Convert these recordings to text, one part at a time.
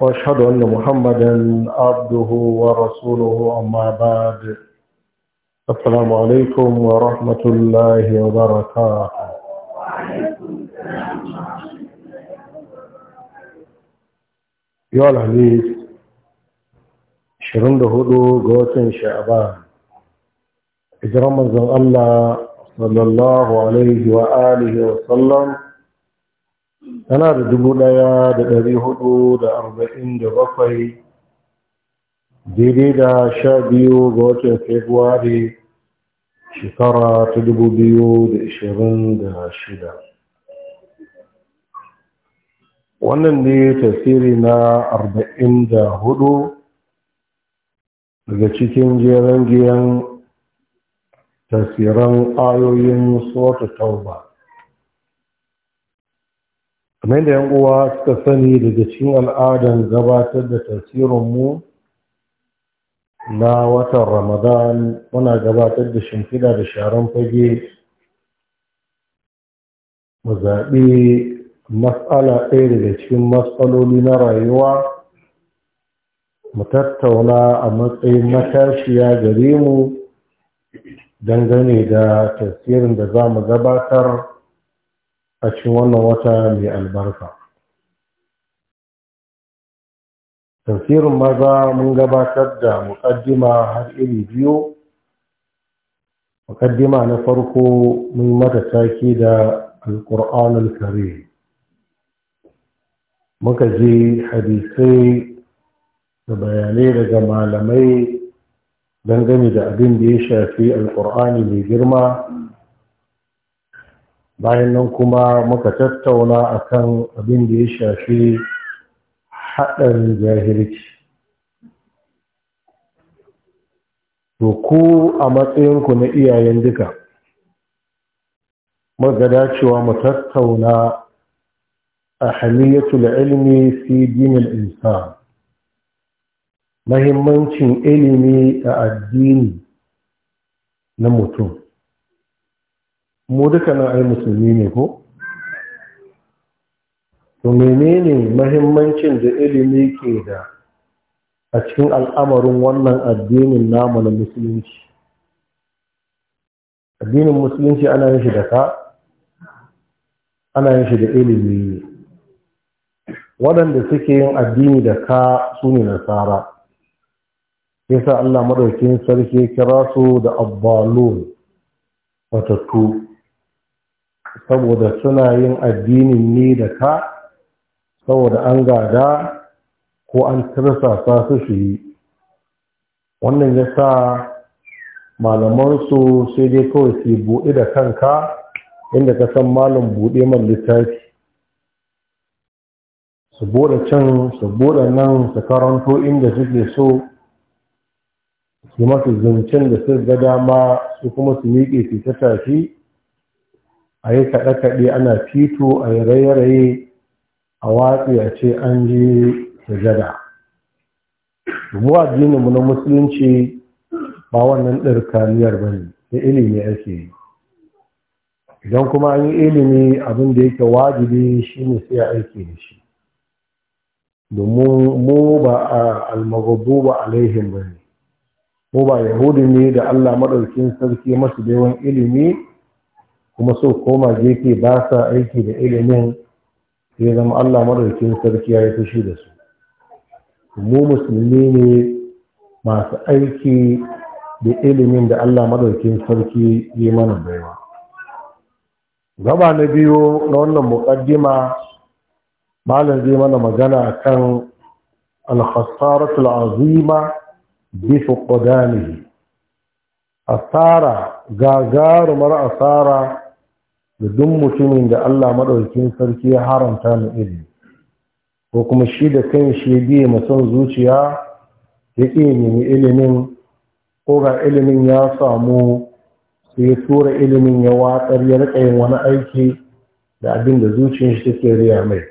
واشهد ان محمدا عبده ورسوله اما بعد السلام عليكم ورحمه الله وبركاته يا العزيز شرند هدو غوتن شعبان اجرام الله صلى الله عليه واله وسلم tana da dubu ɗaya da ɗari hudu da arba'in da bakwai daidai da sha biyu ga watan februari shekara ta dubu biyu da ishirin da shida wannan ne tasiri na arba'in da hudu daga cikin jerangiyan tasirin ayoyin suwata tauba kamar da yan uwa suka sani daga cikin al'adar gabatar da tasirin mu na watan ramadan muna gabatar da shimfida da sharan fage mu zaɓi matsala ɗaya daga cikin matsaloli na rayuwa mu tattauna a matsayin matashiya gare mu dangane da tasirin da za mu gabatar a cikin wannan wata mai albarka tafsirin maza mun gabatar da muƙaddima har iri biyu muƙaddima na farko mun mata take da al kare muka je hadisai da bayanai daga malamai dangane da abin da ya shafi alƙur'ani mai girma bayan nan kuma muka tattauna akan abin da ya shafi haɗar jahilci to ku a matsayinku na iyayen duka magada cewa mu tattauna a ilimi fi dinin insa mahimmancin ilimi a addini na mutum. mu na ai musulmi ne ko to menene mahimmancin da ilimi ke da a cikin al'amarin wannan addinin namu na musulunci addinin musulunci ana yin shi da ka ana yin shi da ilimi waɗanda suke yin addini da ka su ne nasara yasa Allah maɗaukin sarki kira su da abbalun watattu saboda suna yin addinin ne da ka saboda an gada ko an tirsasa su su yi wannan ya sa malamansu sai dai kawai su buɗe da kanka inda ka san malam buɗe man littafi su buɗe can su buɗe nan su karanto inda suke so su masu zancen da su ga dama su kuma su miƙe su ta tafi a yi kaɗe-kaɗe ana fito a yi raye-raye a watsi a ce an je sujada mu addininmu na musulunci ba wannan ɗarkaniyar ba ne da ilimi ake yi idan kuma an yi ilimi abin da yake wajibi shi ne sai a aiki da shi domin mu ba a almagabu ba alaihim ba ne mu ba Yahudu ne da allah maɗaukin sarki masu da ilimi kuma so koma gefe ba sa aiki da ilimin sai zama Allah madaukakin sarki ya yi fushi da su mu musulmi ne masu aiki da ilimin da Allah madaukin sarki yi mana baiwa gaba na biyu na wannan muqaddima malam zai mana magana kan al azima bi fuqdanihi asara gagarumar asara da duk mutumin da Allah maɗaukin sarki ya haramta mu ilimi ko kuma shi da kan shi biye son zuciya ya iya nemi ilimin ko ga ilimin ya samu sai ya tura ilimin ya watsar ya rika yin wani aiki da abin da zuciyar shi take riya mai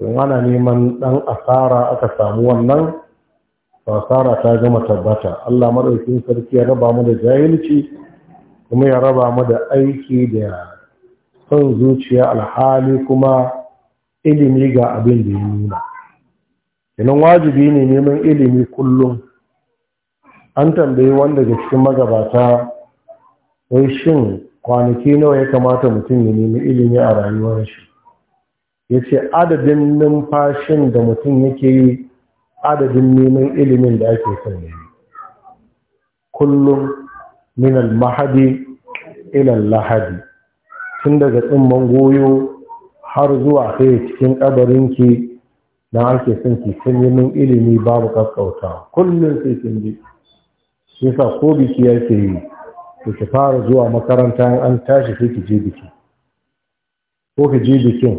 don ana neman ɗan asara aka samu wannan asara ta gama tabbata Allah maɗaukin sarki ya raba mu da jahilci kuma ya raba mu da aiki da son zuciya alhali kuma ilimi ga abin da ya nuna idan wajibi ne neman ilimi kullum an tambayi wanda ga cikin magabata wai shin kwanaki nawa ya kamata mutum ya nemi ilimi a rayuwar shi ya ce adadin numfashin da mutum yake yi adadin neman ilimin da ake son yi kullum minal mahadi ilal lahadi tun daga tsimman goyo har zuwa kai cikin ƙabarinki na ake son ki san min ilimi babu kaskauta kullum sai kin ji shi yasa ko biki ya ke yi to ki fara zuwa makaranta in an tashi sai ki je biki ko ki je bikin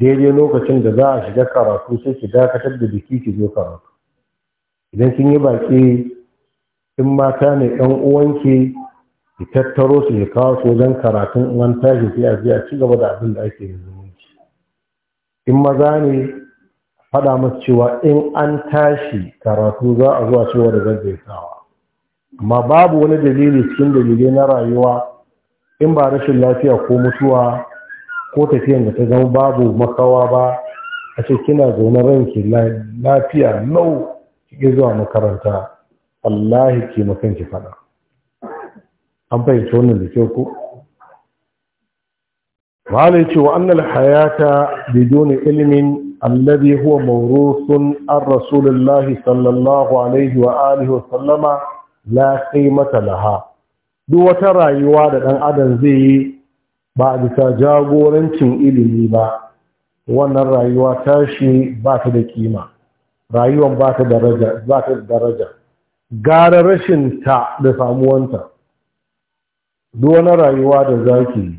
daidai lokacin da za a shiga karatu sai ki dakatar da biki ki zo karatu idan kin yi baƙi in mata ne ɗan uwanki Ki tattaro su ya kawo su wajen karatun in an tashi sai a je a ci gaba da abin da ake da zumunci in maza ne faɗa masu cewa in an tashi karatu za a zuwa cewa da gaggaisawa amma babu wani dalili cikin dalilai na rayuwa in ba rashin lafiya ko mutuwa ko tafiyan da ta zama babu makawa ba a ce kina zaune ranki lafiya lau ki zuwa makaranta wallahi ki makanki faɗa an fahimci wannan da kyau ko ma'ala ce wa annal hayata bidon ilimin allabi huwa mawrusun an rasulullahi sallallahu alaihi wa alihi wa sallama la mata laha duk wata rayuwa da ɗan adam zai yi ba bisa jagorancin ilimi ba wannan rayuwa tashi ba ta da kima rayuwan ba ta daraja daraja gara rashin ta da samuwanta duk wani rayuwa da zaki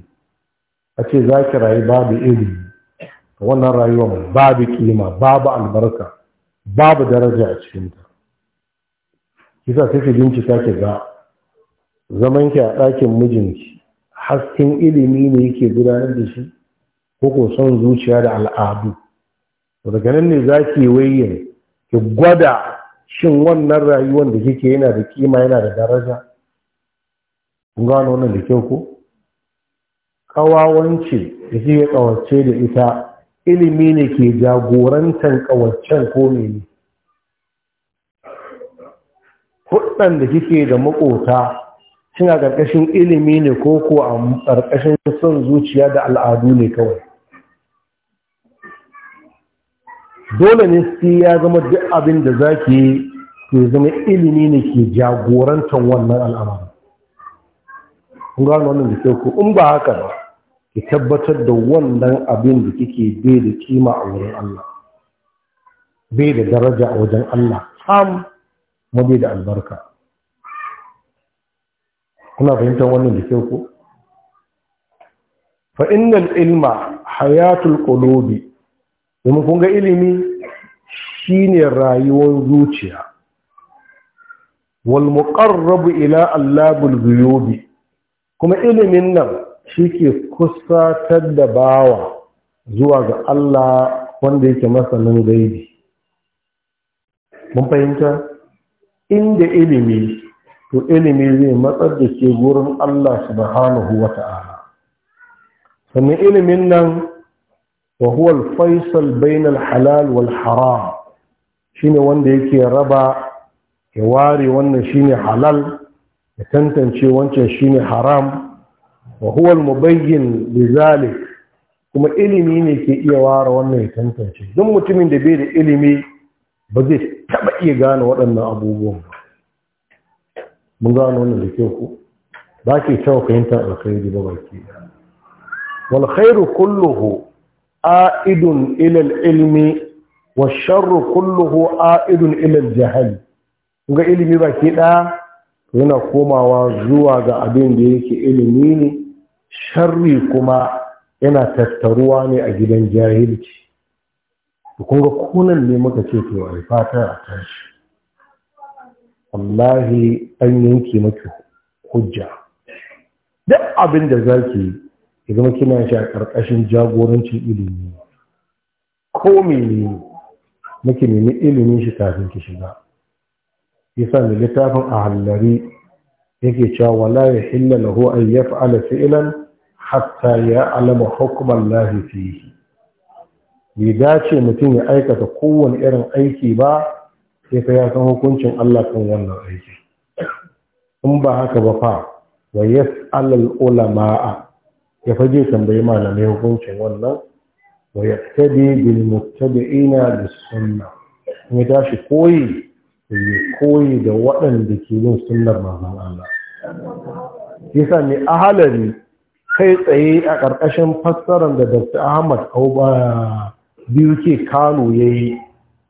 a ce zaki rayu babu ilimi wannan rayuwar babu kima babu albarka babu daraja a cikin ta. kisa sai bincika ki ga zaman ki a ɗakin mijinki hasken ilimi ne yake gudanar da shi ko ko son zuciya da al'adu daga nan ne zaki waye ki gwada shin wannan rayuwar da kike yana da kima yana da daraja kun gano wannan da kyau ko ƙawawance da ke ƙawace da ita ilimi ne ke jagorantar ƙawaccen ko ne hudun da kike da makota suna ƙarƙashin ilimi ne ko ko a ƙarƙashin son zuciya da al'adu ne kawai dole ne sai ya zama duk abin da za ki zama ilimi ne ke jagorantar wannan al'amari kun gano wannan da kyau ko in ba haka ba ki tabbatar da wannan abin da kike bai da kima a wurin Allah bai da daraja a wajen Allah sam mu bai da albarka kuna fahimtar wannan da kyau ko fa innal ilma hayatul qulubi domin kun ga ilimi shine rayuwar zuciya wal muqarrabu ila allahul ghuyubi kuma ilimin nan shi ke kusatar da bawa zuwa ga Allah wanda yake masanin gaibi mun fahimta inda ilimi to ilimi zai matsar da ke gurin Allah subhanahu wa ta'ala sannan ilimin nan wa huwa al-faisal bainal halal wal haram shine wanda yake raba ya ware wannan shine halal ya tantance wancan shine haram wa huwa al-mubayyin zalik kuma ilimi ne ke iya ware wannan ya tantance duk mutumin da bai da ilimi ba zai taba iya gane waɗannan abubuwan ba mun gano wannan da kyau ko ba ke tawa fahimtar alkhairi ba baki wal khairu kulluhu a'idun ila al-ilmi wa sharru kulluhu a'idun ila al-jahl ga ilimi baki ɗaya yana komawa zuwa ga abin da yake ilimi ne sharri kuma yana tattaruwa ne a gidan jahilci kun ga kunan ne muka ce to ai fata a tashi wallahi an yanke maka hujja duk abin da zaki yi zama kina shi a ƙarƙashin jagorancin ilimi ko mene muke nemi ilimin shi kafin ki shiga yasa da littafin a hallari yake cewa wala ya hilla ho an fa'ala fi'ilan hatta ya alama hukumar lahi fihi bai dace mutum ya aikata kowane irin aiki ba sai ka ya san hukuncin Allah kan wannan aiki in ba haka ba fa wa alal ulama'a ya faje tambayi malamai hukuncin wannan wa yaqtadi bil muttabi'ina bis sunnah in ya tashi koyi koyi da waɗanda ke yin sunnar manzon Allah yasa a ahalari kai tsaye a ƙarƙashin fassarar da Dr. Ahmad Auba biyu ke Kano yayi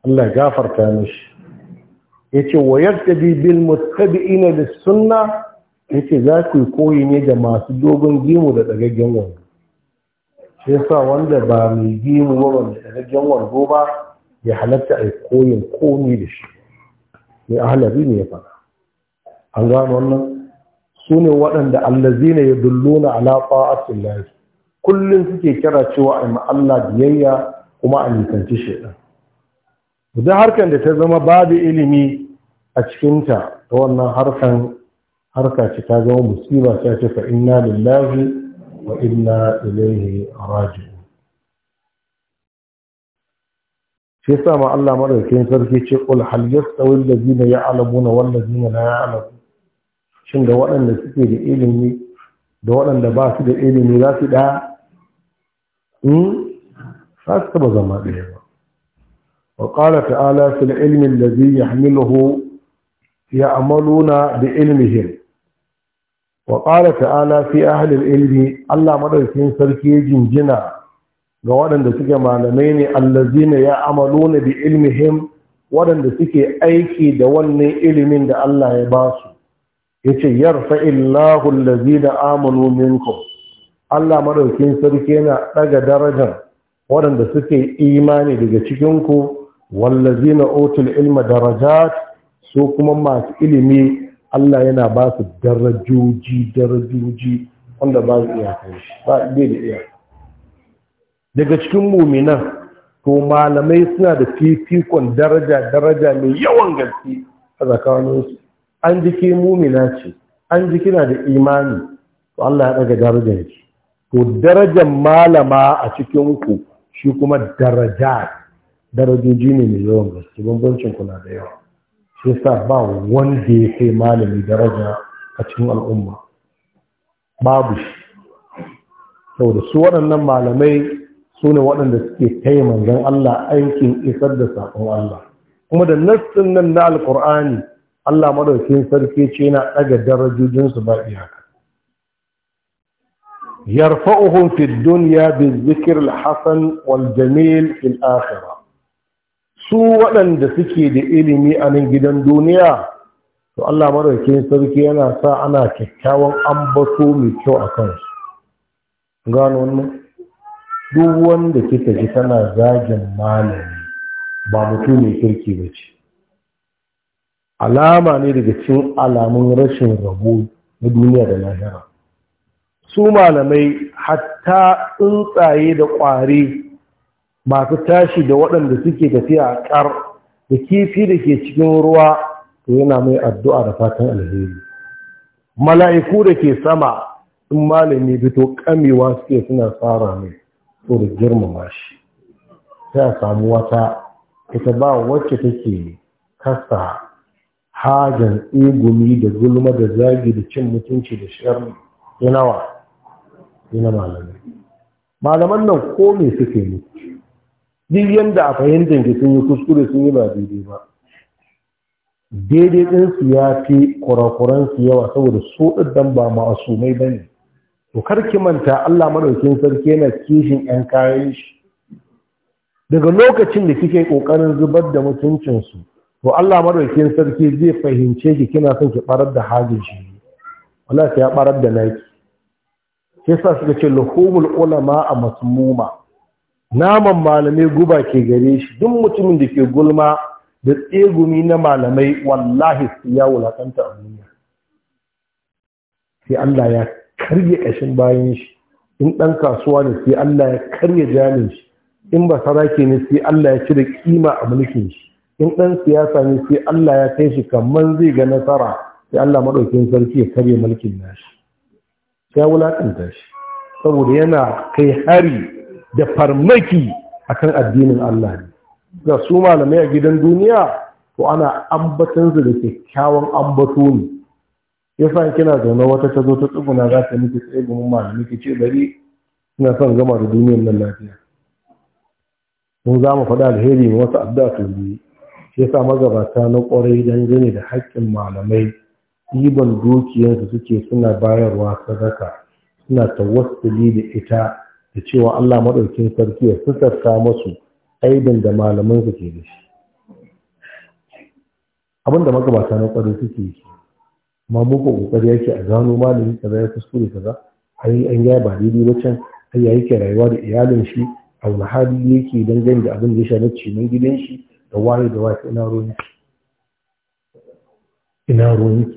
Allah gafarta mishi yace wa yaktabi bil muttabi'ina lis sunna yace za ku koyi ne da masu dogon gimu da tsagaggen wani shi yasa wanda ba mai gimu ba da tsagaggen wani ba ya halatta a koyin komi da shi mai ahalari ne ya faɗa an gano wannan su ne waɗanda zina ya dulluna ala Abdullahi, kullum suke kira cewa a Allah biyayya kuma a nisanci shaɗa da harkar da ta zama babu ilimi a cikinta ta wannan harkar harka ce ta zama musiba ta ce fa inna lillahi wa inna ilaihi raji'un shi yasa ma Allah madaukakin sarki ce qul hal yastawi allazina ya'lamuna wal ladina la ya'lamu shin da waɗanda suke da ilimi da waɗanda ba su da ilimi za su da in hmm? za su zama ɗaya ba wa qala ta'ala fil ilmi allazi yahmiluhu ya'maluna bi ilmihi wa qala ta'ala fi ahli al-ilmi Allah madaukakin sarki ya jinjina ga waɗanda suke malamai ne allazina ya amaluna bi ilmihim waɗanda suke aiki da wannan ilimin da Allah ya ba su yace yarfa illahu allazina amanu minkum Allah maɗaukin sarki yana ɗaga darajar waɗanda suke imani daga cikinku wallazina otul ilma darajat su kuma masu ilimi Allah yana ba su darajoji darajoji wanda ba su iya kai shi ba da iya daga cikin muminan to malamai suna da fifikon daraja-daraja mai yawan gaske a tsakaninsu an jike mumina ce an jiki na da imani to Allah ya daga darajar shi to darajar malama a cikin ku shi kuma daraja darajoji ne mai yawan gaske bambancin kuna da yawa shi sa ba wanda ya kai malami daraja a cikin al'umma babu shi saboda su waɗannan malamai su ne waɗanda suke taya Allah aikin isar da saƙon Allah kuma da nassin nan na alƙur'ani Allah madaukakin sarki ce yana ɗaga darajojinsu ba iyaka yarfa'uhum fi dunya bi zikr al wal jamil fil akhirah su waɗanda suke da ilimi a nan gidan duniya to Allah madaukakin sarki yana sa ana kyakkyawan ambato mai kyau a kansu gano wannan duk wanda kika ji tana zagin malami ba mutum mai kirki ba ce alama ne daga cikin alamun rashin rabo na duniya da lahira su malamai hatta tsuntsaye da ƙwari masu tashi da waɗanda suke tafiya a ƙar da kifi da ke cikin ruwa to yana mai addu'a da fatan alheri mala'iku da ke sama in malami fito ƙamewa suke suna tsara mai tsoron girmama shi sai a samu wata ita ba wacce take kasa hajan igumi da gulma da zagi da cin mutunci da shirmi yanawa yana malamai malaman nan ko suke mutu, duk yadda a fahimtar ki sun yi kuskure sun yi ba daidai ba daidai ɗinsu ya fi kurakuransu yawa saboda su ɗin ba ma'asumai ba ne to kar ki manta Allah madaukin sarki yana kishin yan kayan shi daga lokacin da kike ƙoƙarin zubar da mutuncin su to Allah madaukin sarki zai fahimce ki kina son ki barar da hajin shi wallahi ya barar da naki sai sa suka ce luhumul ulama a masmuma naman malamai guba ke gare shi duk mutumin da ke gulma da tsegumi na malamai wallahi su ya wulakanta a duniya sai Allah ya karya ƙashin bayan shi in ɗan kasuwa ne sai Allah ya karya jamin shi in ba sarake ne sai Allah ya cire kima a mulkin shi in ɗan siyasa ne sai Allah ya kai shi kamar zai ga nasara sai Allah maɗaukin sarki ya karya mulkin nashi ya wulaƙanta shi saboda yana kai hari da farmaki akan addinin Allah ne ga su malamai a gidan duniya to ana ambatansu da kyakkyawan ambato ne ya sa kina zaune wata ta zo ta tsuguna za ta miki tsaye gumin malami ki ce bari ina son gama da duniyar nan lafiya mun za mu faɗa alheri ma wasu addu'a ta biyu shi yasa magabata na ƙwarai dangane da haƙƙin malamai ɗiban dukiyarsu suke suna bayarwa sadaka suna tawassuli da ita da cewa Allah maɗaukin sarki ya sutarta masu aibin da malaman su ke da shi abinda magabata na ƙwarai suke yi amma muka kokari yake a gano malami kaza ya kuskure kaza ai an ya ba daidai ba can ai ya yake rayuwa da iyalin shi a wani hali yake gani da abin da ya na cimin gidan shi da waye da waye ina ruwan ina ruwan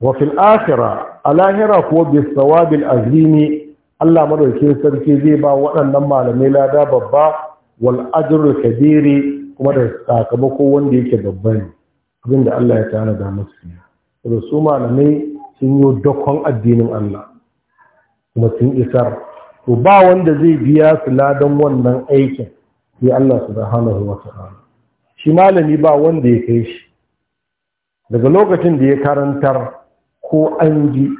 wa fil akhira a lahira kuwa bi al azimi Allah madauke sarki zai ba waɗannan malamai lada babba wal ajrul kabiri kuma da sakamako wanda yake babba ne abinda Allah ya tana da musu ne su malamai sun yi dokon addinin Allah kuma sun isar to ba wanda zai biya su ladan wannan aikin sai Allah su subhanahu wa ta'ala shi malami ba wanda ya kai shi daga lokacin da ya karantar ko an ji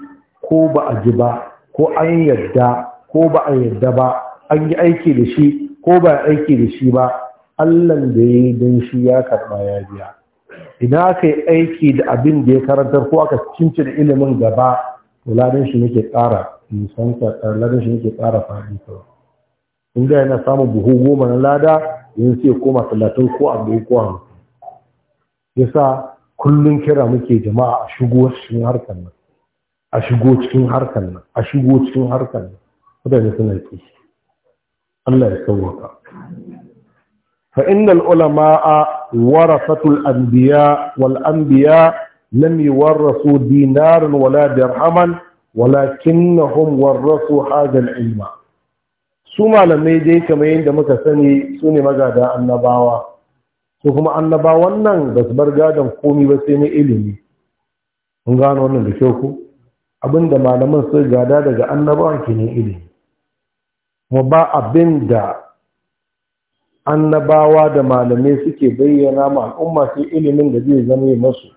ko ba a ji ba ko an yadda ko ba a yadda ba an yi aiki da shi ko ba aiki da shi ba Allah da ya yi don shi ya karɓa ya biya Ina aka yi aiki da abin da ya karantar ko aka cinci da ilimin gaba to ladan shi yake ƙara nisanta eh, ladan shi nake ƙara faɗi to in ga yana samun buhu goma na lada yin sai koma talatin ko abu ko hamsin yasa kullum kira muke jama'a a shigo cikin harkar nan a shigo cikin harkar nan a shigo cikin harkar nan mutane suna ki Allah ya sauwaka fa innal ulama'a warasatul anbiya wal anbiya lam yuwarrasu dinaran wala dirhaman walakinnahum warrasu hadha ilma su malamai dai kamar yadda muka sani su ne magada annabawa su kuma annabawan nan ba su bar gadon komi ba sai na ilimi mun gano wannan da kyau ku abinda malaman sun gada daga annabawan ke ne ilimi kuma ba abin da annabawa da malamai suke bayyana ma al'umma sai ilimin da zai zama yi masu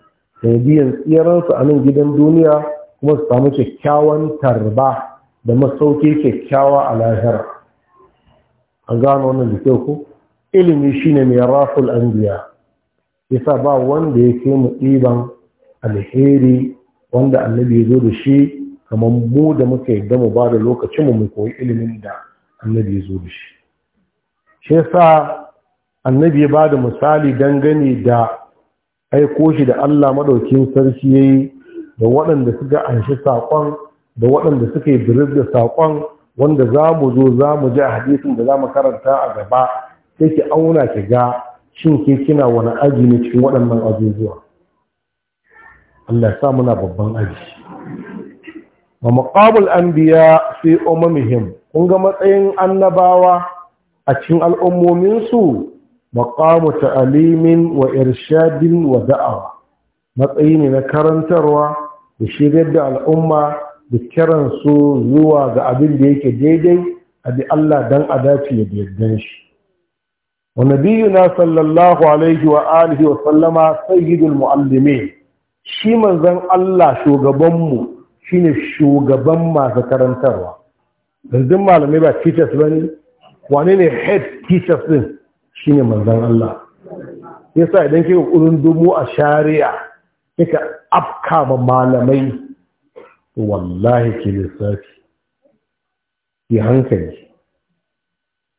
biyan tsiransu a nan gidan duniya kuma su samu kyakkyawan tarba da masauki kyakkyawa a lahira A gano wannan da kyau ko ilimi shine mai raful anbiya yasa ba wanda ya ke mu ɗiban alheri wanda annabi ya zo da shi kamar mu da muka yadda mu ba da lokacin mu mu koyi ilimin da annabi ya zo da shi shi sa annabi ya bada misali dangane da aiko shi da Allah maɗaukin sarki yayi da waɗanda suka anshi saƙon da waɗanda suka yi birir da saƙon wanda za mu zo za mu ji a hadisin da za mu karanta a gaba sai ki auna ki ga shin ke kina wani aji ne cikin waɗannan abubuwa? Allah ya sa muna babban aji wa maqabul anbiya fi umamihim kun ga matsayin annabawa a cikin al'ummominsu maƙamu Alimin wa irshadin wa da'awa matsayi ne na karantarwa da shigar da al'umma da kiransu zuwa ga abin da yake daidai a bi Allah don a dace da yardan shi. wa na sallallahu alaihi wa alihi wa sallama sayyidul mu'allime shi manzon Allah shugabanmu shine shugaban masu karantarwa yanzu malamai ba teachers bane wane ne head teachers din ne manzon Allah Ya sa idan ke ƙurin dubu a shari'a kika afka ma malamai wallahi ki lissafi ki hankali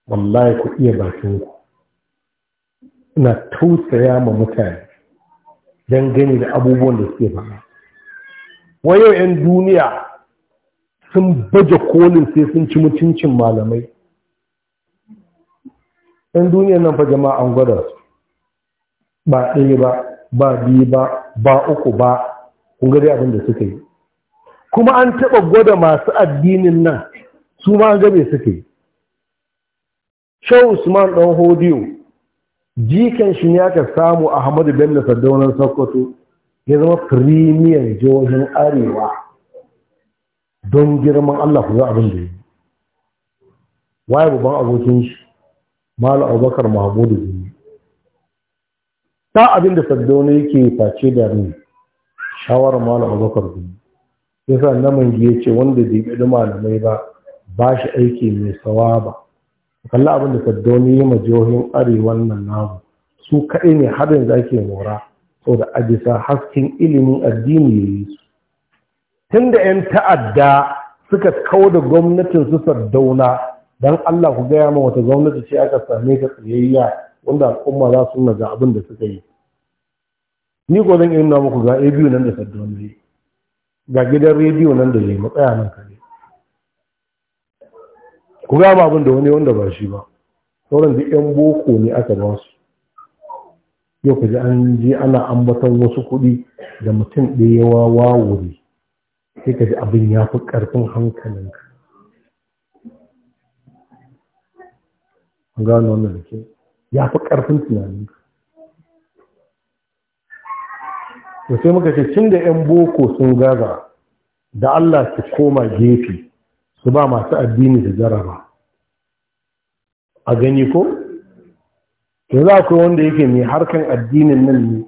wallahi ku iya bakin ku ina tausaya ma mutane don gani da abubuwan da suke ba. wayo 'yan duniya sun baje kolin sai sun ci mutuncin malamai in duniyar nan fa jama'a an gwada ba ɗaya ba ba biyu ba ba uku ba kun gari abin da suka yi kuma an taɓa gwada masu addinin nan su ma an gabe suka yi shau usman ɗan hodiyo jikan shi ne aka samu ahmadu bello sardaunar sokoto ya zama firimiyar jihohin arewa don girman allah ku za abin da yi waye babban abokin shi mal abubakar mahmudu zuni ta abin da sardauna yake face da ni shawarar mal abubakar zuni yasa naman ya ce wanda bai bi malamai ba ba shi aiki mai sawaba kalla abin da sardauna yi ma jihohin arewan nan namu su kaɗai ne har yanzu ake mora saboda a bisa hasken ilimin addini ya yi su tun da 'yan ta'adda suka kawo da gwamnatin su sardauna dan Allah ku gaya ma wata gwamnati ce aka same ta tsayayya wanda al'umma za su naga abin da suka yi ni ko zan nuna muku ga biyu nan da saddon ga gidan rediyo nan da zai matsaya nan kare ku gama abin da wani wanda ba shi ba sauran da yan boko ne aka ba su yau ku ji an je ana ambaton wasu kuɗi da mutum ɗaya wawa wuri sai ka ji abin ya fi ƙarfin hankalinka an gano wannan da ya fi ƙarfin tunanin ka sai muka ce cin da 'yan boko sun gaza da Allah su koma gefe su ba masu addini da jaraba a gani ko? ke za ku wanda yake mai harkan addinin nan ne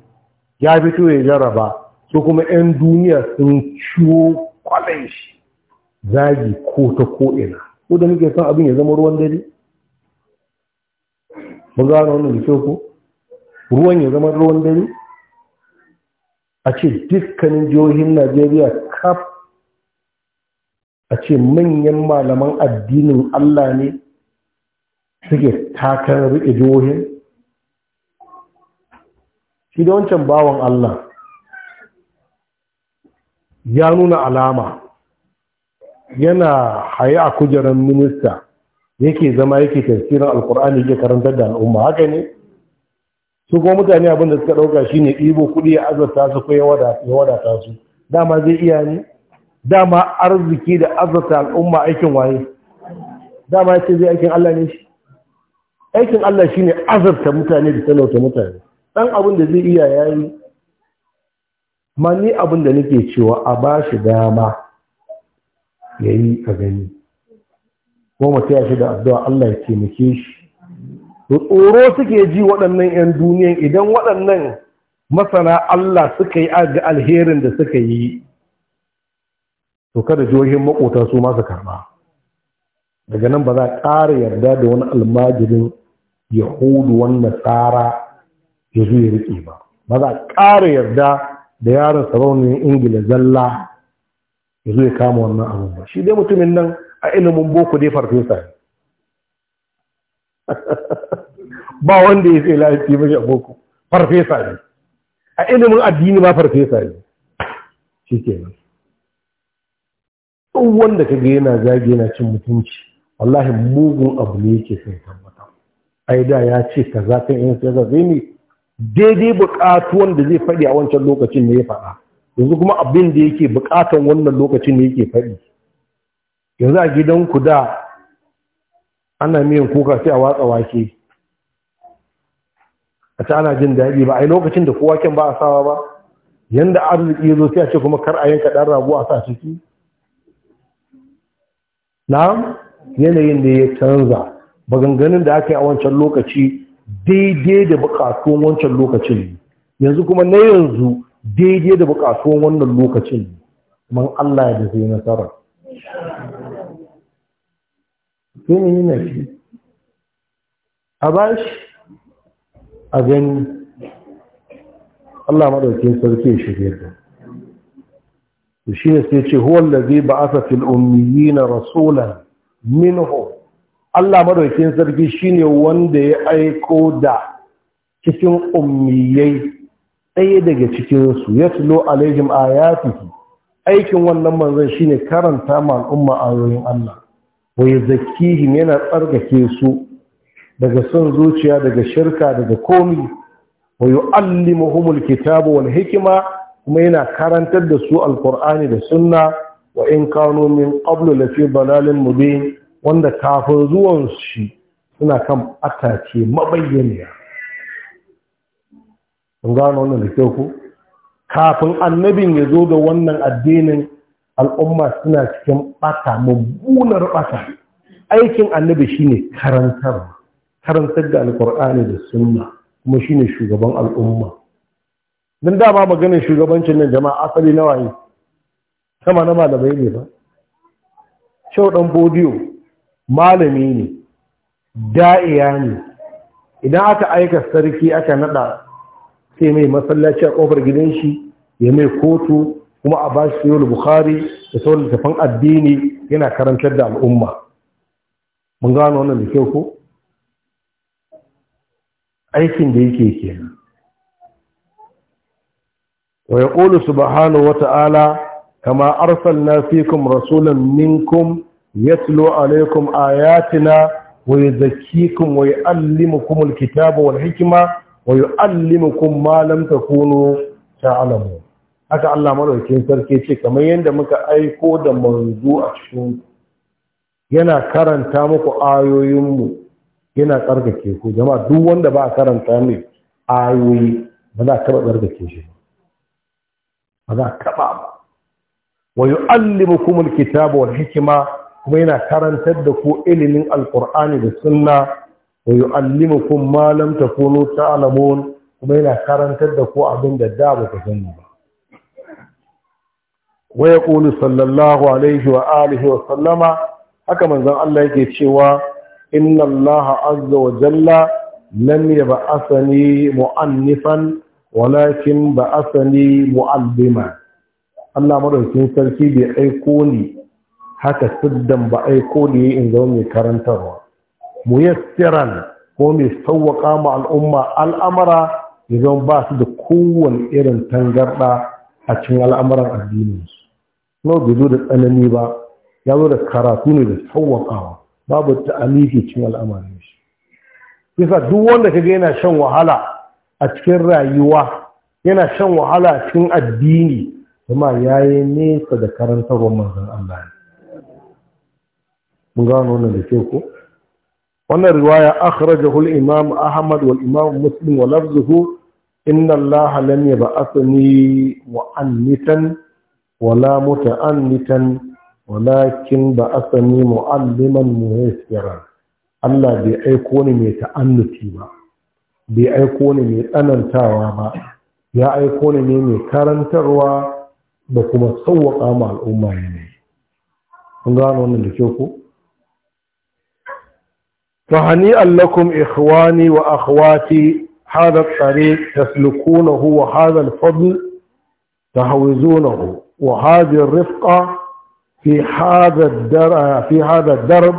ya fito ya jaraba su kuma 'yan duniya sun ciwo kwallon shi zagi ko ta ko'ina ko da muke son abin ya zama ruwan dare? mun gano wannan da kyau ko ruwan ya zama ruwan dare a ce dukkanin jihohin najeriya kaf a ce manyan malaman addinin allah ne suke takar riƙe jihohin shi da wancan bawan allah ya nuna alama yana haye a kujerar minista yake zama yake tafsirin alkur'ani yake karantar da al'umma haka ne su kuma mutane abin da suka ɗauka shine ibo kudi ya azurta su ko ya wadata su dama zai iya ne dama arziki da azurta al'umma aikin waye dama ya ce zai aikin Allah ne shi aikin Allah shine azurta mutane da talauta mutane Dan abin da zai iya yayi ma ni abin da nake cewa a ba shi dama ya yi ka gani goma ta yashi da addu'a Allah ya taimake shi to tsoro suke ji waɗannan 'yan duniyan idan waɗannan masana Allah suka yi ga alherin da suka yi to kada jihohin makota su masu karɓa daga nan ba za a ƙara yarda da wani almajirin yahudu wanda tsara ya zo ya riƙe ba ba za a ƙara yarda da yaron sarauniyar ingila zalla ya zo ya kama wannan abin ba shi dai mutumin nan a ilimin boko dai farfesa ba wanda ya sai lafi mashi a boko farfesa ne a ilimin addini ma farfesa ne shi ke nan ɗan wanda ka ga yana zage yana cin mutunci wallahi mugun abu ne yake sai tabbata ai da ya ce ka za ka yin sai zai ne daidai buƙatuwan da zai faɗi a wancan lokacin ne ya faɗa yanzu kuma abin da yake buƙatan wannan lokacin ne yake faɗi yanzu a gidan ku da ana miyan kuka sai a watsa wake a ta ana jin daɗi ba a yi lokacin da kowa kowaken ba a sawa ba yanda arziki zo sai a ce kuma kar a yanka ɗan rago a sa ciki na yanayin da ya canza maganganun da aka yi a wancan lokaci daidai da bukatun wancan lokacin yanzu kuma na yanzu daidai da bukatun wannan lokacin man Allah ya da zai nasara gini yi nafi a ba shi a gani Allah maɗaukin sarki ya shirya da shi ne sai ce huwan da zai ba a fil ummiyi na rasula minho Allah maɗaukin sarki shi ne wanda ya aiko da cikin ummiyai ɗaya daga cikinsu ya tulo alaihim ayatihi aikin wannan manzan shine karanta ma al'umma ayoyin Allah wa yuzakkihim yana tsarkake su daga son zuciya daga shirka daga komi wa yu'allimuhumul kitaba wal hikima kuma yana karantar da su alqur'ani da sunna wa in kanu min qablu lafi dalalin mubin wanda kafin zuwan shi suna kan atace mabayyaniya kun gano wannan da kyau ku kafin annabin ya zo da wannan addinin al'umma suna cikin ɓata, mummunar ɓata. aikin annabi shine karantar karantar da alkur'ani da sunna kuma shine shugaban al'umma don dama maganin shugabancin nan jama'a asali na waye sama na malamai ne ba shau ɗan bodiyo malami ne da'iya ne idan aka aika sarki aka naɗa sai mai masallaci a ƙofar gidan shi ya mai kotu kuma a ba shi bukhari da sauran tafan addini yana karantar da al'umma mun gano wannan da kyau ko aikin da yake kenan wa yaqulu subhanahu wa ta'ala kama arsalna fikum rasulan minkum yatlu alaykum ayatina wa yuzakkikum wa yuallimukum alkitaba wal hikma wa yuallimukum ma lam takunu ta'lamun haka Allah maɗaukin sarki ce kamar yadda muka aiko da manzo a cikin yana karanta muku ayoyinmu yana ƙarfake ku jama'a duk wanda ba a karanta mai ayoyi ba za a taɓa ƙarfake shi ba za a taɓa ba wa yu'allimukum alkitaba wal hikima? kuma yana karantar da ku ilimin alqur'ani da sunna wa yu'allimukum ma lam takunu ta'lamun kuma yana karantar da ku abin da da ba ku sani ba Waya yaqulu sallallahu alaihi wa alihi wa sallama haka manzon Allah yake cewa inna Allah azza wa jalla lam yab'athani mu'annifan walakin ba'athani mu'allima Allah madaukakin sarki bai aiko ni haka siddan ba aiko ni in zama mai karantarwa muyassiran ko mai sauwaka ma al'umma al'amara ya zama ba su da kowane irin tangarɗa a cikin al'amuran addininsu nawa bai zo da tsanani ba ya zo da karatu ne da sauwaƙawa babu ta alifi cin al'amarin shi yasa duk wanda kaga yana shan wahala a cikin rayuwa yana shan wahala a cikin addini kuma yi nesa da karantarwar manzon Allah mun gano wannan da ke ko wannan riwaya akhrajahu hul imam Ahmad wal imam Muslim wa lafzuhu inna Allah lam wa annitan. wala muta'annitan walakin ba asani mu'alliman muhassira Allah bai aiko ni mai ta'annuti ba bai aiko ni mai tsanantawa ba ya aiko ni mai karantarwa da kuma sauwaka ma al'umma ne kun gano wannan da kyau ko فهنيئا لكم إخواني وأخواتي هذا الطريق تسلكونه وهذا الفضل تهوزونه وهذه الرفقة في هذا الدرب في هذا الدرب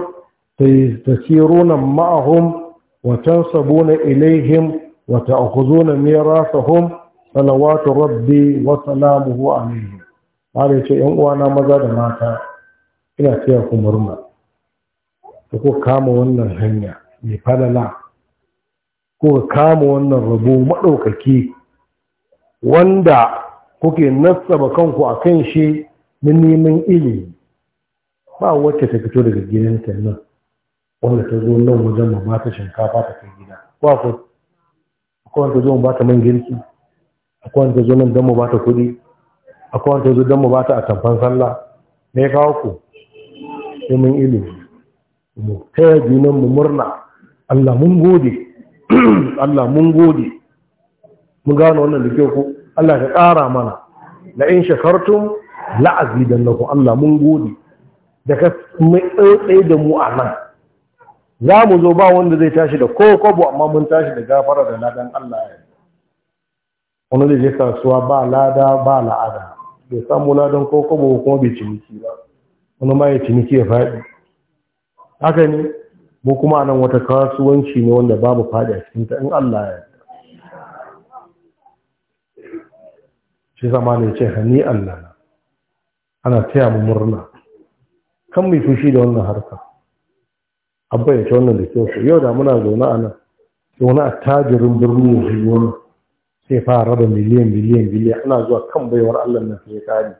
تسيرون معهم وتنصبون إليهم وتأخذون ميراثهم صلوات ربي وسلامه عليهم قال يا شيخ وانا ماذا ماتا ina taya ku murna ku kama wannan hanya mai falala ku kama wannan rabo maɗaukaki wanda kuke nasaba kanku a kan shi na neman ilimi ba wacce ta fito daga gidanta nan wanda ta zo nan wajen mu ba ta shinkafa ta kai gida ba ku akwai wanda zo mu ba ta man girki akwai wanda zo nan dan mu ba ta kuɗi akwai wanda zo dan mu ba ta a tamfan sallah me ya kawo ku neman ilimi mu taya junan mu murna Allah mun gode Allah mun gode mun gano wannan da kyau ko Allah ka ƙara mana la in shakartum la azidannakum Allah mun gode da ka mai tsaye da mu a nan za mu zo ba wanda zai tashi da ko kobo amma mun tashi da gafara da ladan Allah ya wani da je kasuwa ba lada ba la'ada bai samu ladan ko kobo kuma bai ciniki ba wani ma ya ciniki ya faɗi haka ne mu kuma nan wata kasuwanci ne wanda babu faɗi a cikinta in Allah ya shi zama ne ce hani Allah ana taya mu murna kan mai fushi da wannan harka abba ya ce wannan da ke wasu yau da muna zaune a nan zaune a tajirin birni da yi sai fara raba miliyan miliyan miliyan ana zuwa kan baiwar Allah na sai kari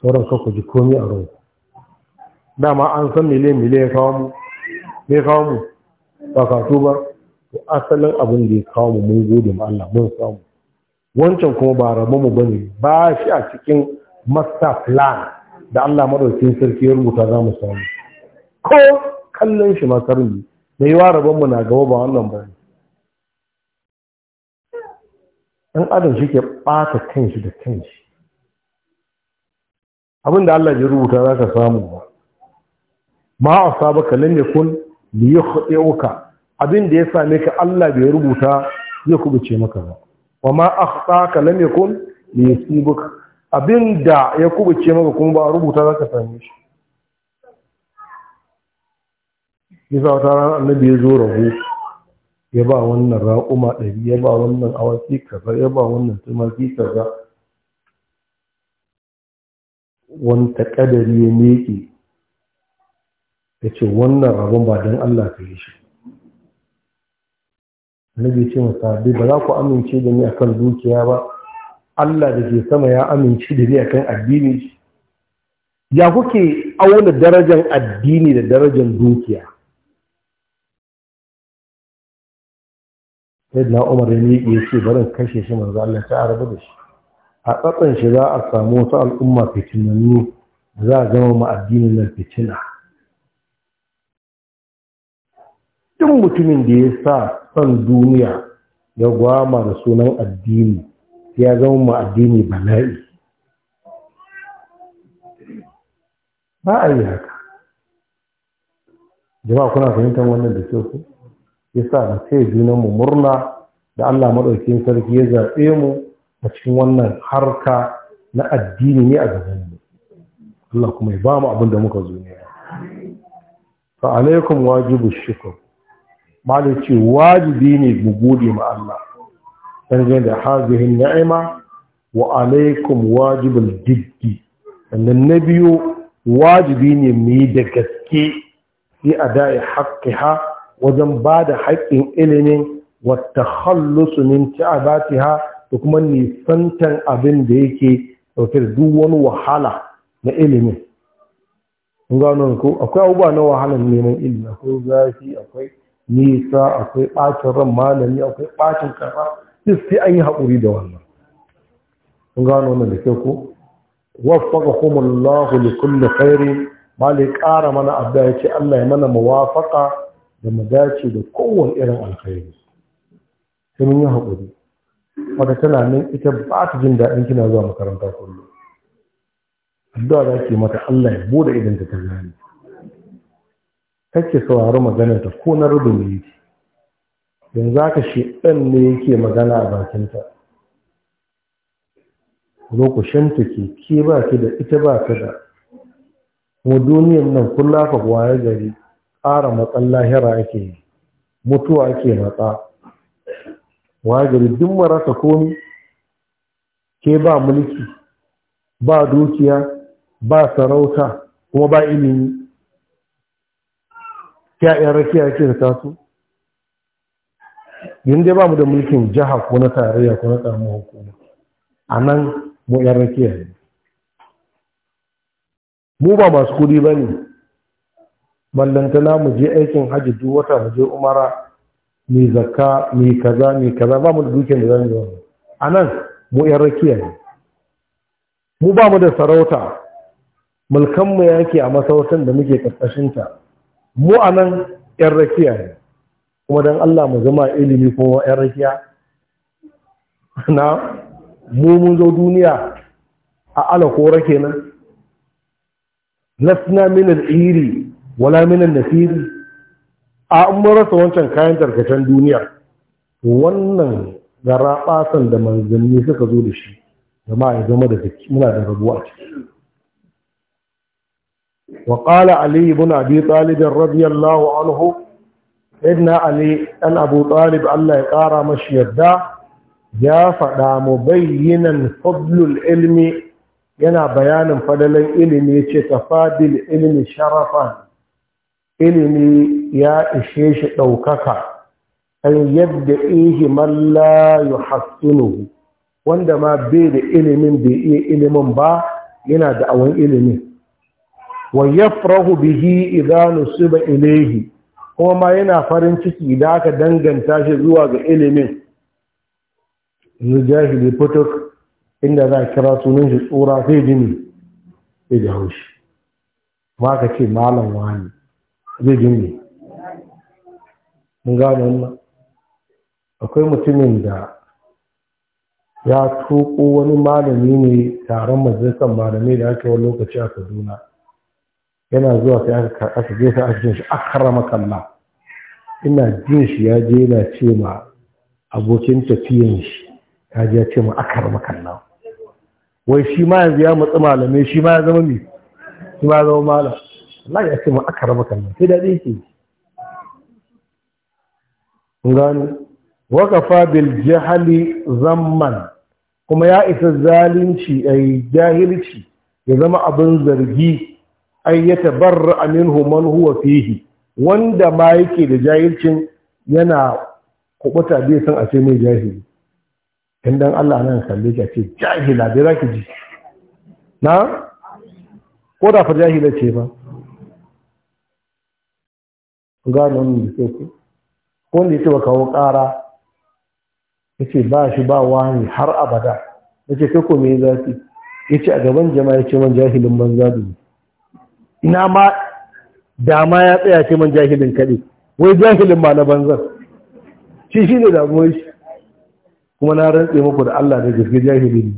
sauran ka ku ji komi a ranku dama an san miliyan miliyan kawo mu me kawo mu ba kasu ba to asalin abin da ya kawo mu mun gode ma Allah mun samu wancan kuma ba rabu mu bane ba shi a cikin master plan da Allah madaukakin sarki ya rubuta za mu samu ko kallon shi ma karni da yawa rabon mu na gaba ba wannan ba dan adam shi ke ɓata kanshi da kanshi abinda Allah ya rubuta za ka samu ba ma asabaka lam yakun li abin abinda ya same ka Allah bai rubuta zai kubuce maka ba wa ma akhtaka lam yakun liyusibuk abinda ya ce maka kuma ba rubuta zaka same shi yasa wata ranar annabi ya zo rahu ya ba wannan ra'uma ɗari ya ba wannan awaki kaza ya ba wannan tumaki kaza wanta ƙadari ya ke? ya ce wannan rabon ba don Allah ke yi shi annabi ce musabbi ba za ku amince da ni akan dukiya ba Allah da ke sama ya amince da ni akan addini ya kuke auna darajar addini da darajar dukiya sai na umar ya miƙe ya ce barin kashe shi manzo Allah ta arabu da shi a tsatsan shi za a samu wasu al'umma fitinannu za a zama ma addinin nan fitina duk mutumin da ya sa son duniya ya gwama da sunan addini ya zama ma addini bala'i ba a yi haka jama'a kuna fahimtar wannan da ke ku ya sa na sai junan mu murna da Allah maɗaukin sarki ya zaɓe mu a cikin wannan harka na addini ne a gaban mu Allah kuma ya ba mu abin da muka zo ne fa alaikum wajibu shukr malu ce wajibi ne mu gode ma Allah dangane da hazihin ni'ima wa alaikum wajibul jiddi sannan na biyu wajibi ne mu yi da gaske sai a da'i ha, wajen ba da haƙƙin ilimin wata takhallus min ta'abatiha da kuma nisantan abin da yake ɗauke da duk wani wahala na ilimin. Kun gano ko akwai abubuwa na wahalar neman ilimi akwai zafi akwai nisa akwai ɓacin ran malami akwai ɓacin karɓa duk sai an yi haƙuri da wannan sun gano wannan da kyau ko waffaka kumullahu li kulli khairi malai ƙara mana abda ya ce Allah ya mana muwafaƙa da mu dace da kowane irin alkhairi sai mun yi haƙuri wata tana nan ita ba ta jin daɗin kina zuwa makaranta kullum addu'a za ki mata Allah ya bude idan ta gane kake saurari magana ta ko na rubin ne yanzu haka shi ɗan ne yake magana a bakinta zo ku shanta ke ke ba ki da ita ba ka da mu duniyan nan kun lafa waye gari ƙara matsan lahira ake yi mutuwa ake matsa waye gari duk marasa komi ke ba mulki ba dukiya ba sarauta kuma ba ilimi ya yan rakiya ke da taso yin dai ba mu da mulkin jiha ko na tarayya ko na karamin hukuma a nan mu yan rakiya ne mu ba masu kudi ba ne ballantana mu je aikin hajji duk wata mu je umara mai zakka mai kaza mai kaza ba mu da dukiyar da zamu yi a nan mu yan rakiya ne mu ba mu da sarauta mulkanmu yake a masarautar da muke karkashinta mu a nan ‘yan rakiya ne kuma don Allah mu zama ilimi kuma ‘yan rakiya na mu mun zo duniya a ala kora kenan lasna min iri wala minar nasiri a rasa wancan kayan tarkacen duniya wannan gara basan da manzanni suka zo da shi zama ya zama da muna da rabuwa ciki وقال علي بن أبي طالب رضي الله عنه إن علي أن أبو طالب الله yadda ya يا فدا مبينا فضل العلم yana bayanin fadalan ilimi ce tafadil ilimi sharafan ilimi ya ishe shi ɗaukaka an yadda ihi malla yuhassinuhu wanda ma bai da ilimin bai iya ilimin ba yana da ilimi. wa yafrahu bihi idza nusiba ilayhi kuma ma yana farin ciki idan aka danganta shi zuwa ga ilimin bi fituk inda za a kira sunan shi tsura sai jini sai da haushi ma ka ce malam wani zai jini mun gano wannan akwai mutumin da ya tuko wani malami ne taron majalisar malamai da ake wani lokaci a kaduna yana zuwa sai aka aka je sai aka ce shi akramakallah ina jin shi ya je yana ce ma abokin tafiyan shi ya je ya ce ma akramakallah wai shi ma yanzu ya matsi malamai shi ma ya zama mi shi ma ya zama malam Allah ya ce ma akramakallah sai da yake gani wakafa bil jahali zamman kuma ya isa zalunci ai jahilci ya zama abin zargi an bar tabarra minhu man huwa fihi wanda ma yake da jahilcin yana kubuta bai san a ce mai jahili in dan Allah nan kalle ki a ce jahila dai zaki ji na ko da fara jahila ce ba gano ne da ke ko ne ce ba kawo ƙara ya ce ba shi ba wani har abada ya ce kai ko me zafi ya ce a gaban jama'a ya ce man jahilin banza da ina ma dama ya tsaya ce man jahilin kaɗai wai jahilin ma na banzar shi shi ne damuwar shi kuma na rantse muku da Allah da gaske jahili ne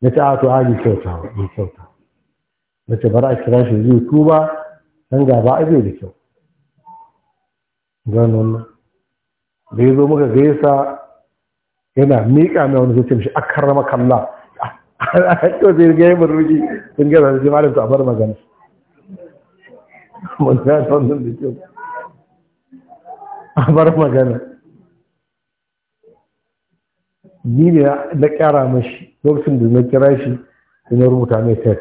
na ce a to hali kyauta mai kyauta na ce bara a kira shi zai tuba dan gaba a zai da kyau gano wannan da ya zo muka gaisa yana miƙa mai wani zuciya shi akarrama kalla to sai ga yi murmushi sun gaza shi malam to a bar magana mun ta wannan da kyau a bar magana ni ne na kyara mashi lokacin da na kira shi sun na rubuta mai tek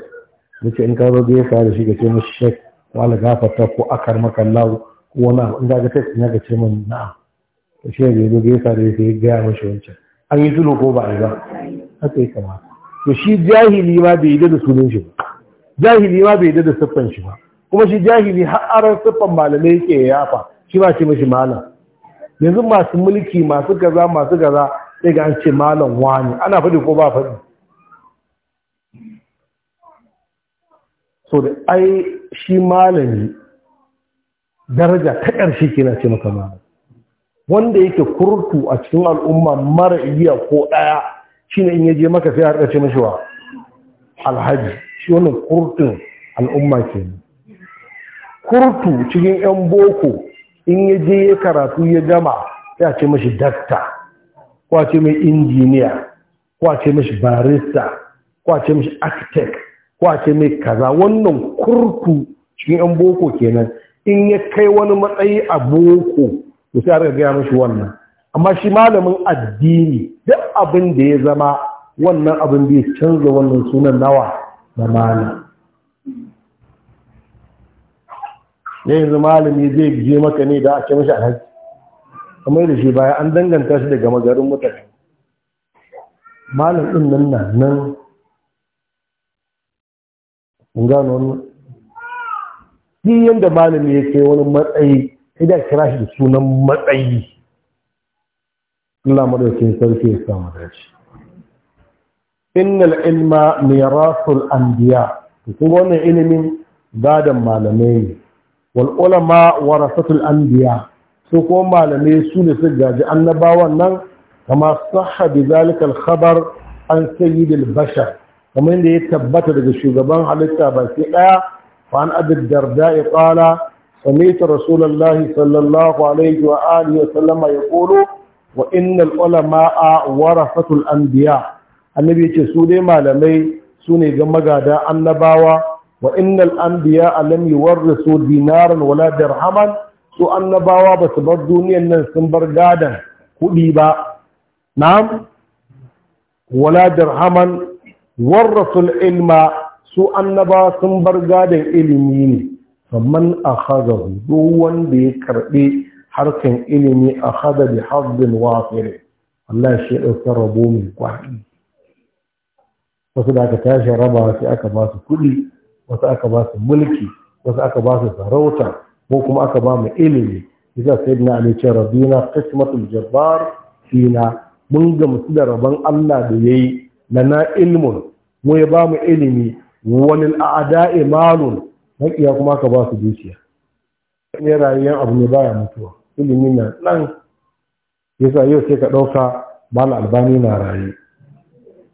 na ce in ka zo ga ya da shi ga ce mashi shek wala gafata, ko akar maka lawo ko wani abu in ga tek na ga ce min na'am to shi ne da ya zo da ya gaya mashi wancan an yi zulu ko ba a yi ba haka ya kamata to shi jahili ma bai yi da sunan shi ba jahili ma bai yi da siffan shi ba kuma shi jahili har aran siffan malamai yake yafa shi ba ce mashi malam yanzu masu mulki masu gaza masu gaza sai ga an ce malam wani ana faɗi ko ba faɗi so da ai shi malami daraja ta ƙarshe ke na ce maka malam wanda yake kurtu a cikin al'umma mara iya ko ɗaya shine in yaje maka sai har ce mashi wa alhaji shi wannan kurtun al'umma ke kurtu cikin yan boko in yaje ya karatu ya gama sai a ce mashi dakta ko a ce mai injiniya ko a ce mashi barista ko a ce mashi architect ko a ce mai kaza wannan kurtu cikin yan boko kenan in ya kai wani matsayi a boko to sai a gaya mashi wannan amma shi malamin addini duk abin da ya zama wannan abin bai canza wannan sunan nawa da malam yanzu malami zai je maka ne da ake mashi alhaji kamar da shi baya an danganta shi daga magarin mutane malam ɗin nan na nan gano wannan shi yadda malami ya kai wani matsayi idan kira shi da sunan matsayi Allah madaukin sarki ya samu dace innal ilma mirasul anbiya to kuma wannan ilimin gadan malamai ne wal ulama warasatul anbiya su ko malamai su ne su gaji annabawan nan kama sahabi zalikal khabar an sayyidil bashar kamar da ya tabbata daga shugaban halitta baki ɗaya, fa an abi darda qala ta rasulullahi sallallahu alaihi wa alihi wa sallama wa innal ulama'a warasatul anbiya annabi yace su dai malamai su ne ga magada annabawa wa innal anbiya lam yuwarrisu dinaran wala dirhaman su annabawa ba su bar duniyan nan sun bar gadan kudi ba na'am wala dirhaman warrasul ilma su annabawa sun bar gadan ilimi ne faman akhadahu duk wanda ya karbe harkan ilimi a hada da haɗin wafere Allah shi ɗaukar rabo mai kwaɗi wasu da aka tashi raba sai aka ba su kuɗi wasu aka ba su mulki wasu aka ba su sarauta ko kuma aka ba mu ilimi isa sai dina ne ce rabbina qismatul jabbar fina mun ga musu da rabon Allah da ya yayi na ilmun mu ya ba mu ilimi wani al'ada imanun haƙiya kuma aka ba su dukiya ne rayuwar abu ne baya mutuwa ilimi na nan yasa yau sai ka ɗauka malam albani na raye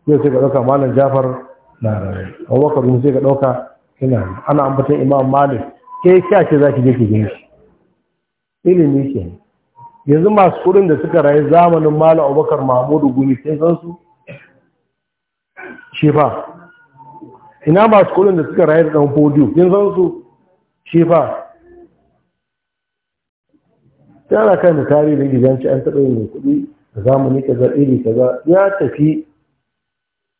yau sai ka ɗauka malam jafar na raye abubakar bin sai ka ɗauka ina ana ambatan imam malik ke sha ce za ki je ki gan shi ilimi ke yanzu masu kurin da suka rayu zamanin malam abubakar mahmudu gumi sai san su shi fa ina masu kurin da suka rayu da ɗan fodiyo sai san su shi fa tana kan da tarihi da gidanci an taɓa yin kuɗi zamani kaza iri kaza ya tafi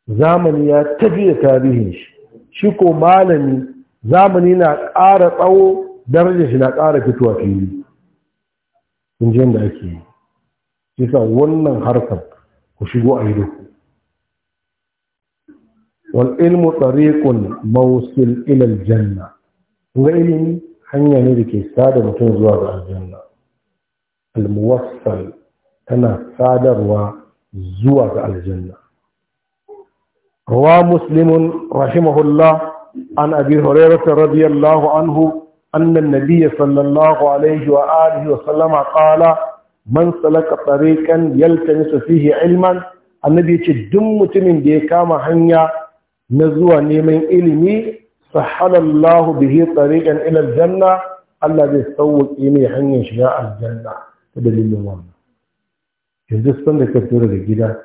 zamani ya tafi da tarihin shi shi ko malami zamani na ƙara tsawo daraja shi na ƙara fitowa fili kun ji da ake yi shi sa wannan harkar ku shigo a yi wal ilmu tariqun mawusil ilal janna. kun ga ilimi hanya ne da ke sada mutum zuwa ga aljanna muwassal tana sadarwa zuwa ga aljanna rawa muslimun rahimahullah an abi hurairah radiyallahu anhu anna an-nabiy sallallahu alaihi wa alihi wa sallama qala man salaka tariqan yaltamisu fihi ilman annabi ce duk mutumin da ya kama hanya na zuwa neman ilimi sahalallahu bihi tariqan ila janna Allah zai sauwaƙe mai hanyar shiga aljanna ta dalilin wannan yanzu sun da ka tura da gida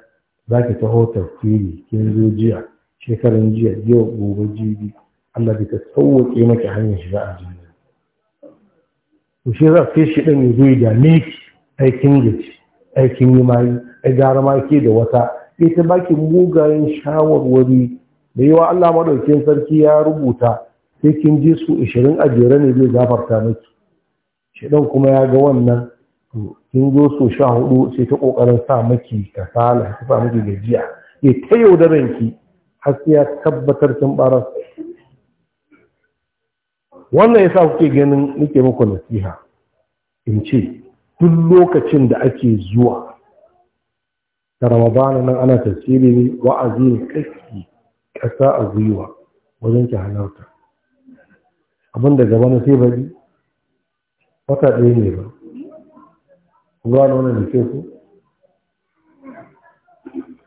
za ki taho tafsiri kin zo jiya shekaran jiya yau gobe jibi Allah bai ta tsawoke maki hanyar shiga aljanna to shi za sai shi ɗin zo ya dame ki aikin gaci aikin yi mayu ai gara ma da wata ta baki mugayen shawarwari da yawa Allah madaukin sarki ya rubuta sai kin je su 20 a jere ne zai gafarta miki ɗan kuma ya ga wannan kin zo so sha hudu sai ta kokarin sa maki kasala ta sa maki gajiya ya ta yaudaran ki har sai ya tabbatar kin barar wannan yasa kuke ganin nake muku nasiha in ce duk lokacin da ake zuwa da ramadana nan ana tasiri ne wa'azi ne kaski kasa a gwiwa wajen ki halarta abin da gaba na sai bari wata ɗaya ne ba gano wani da ku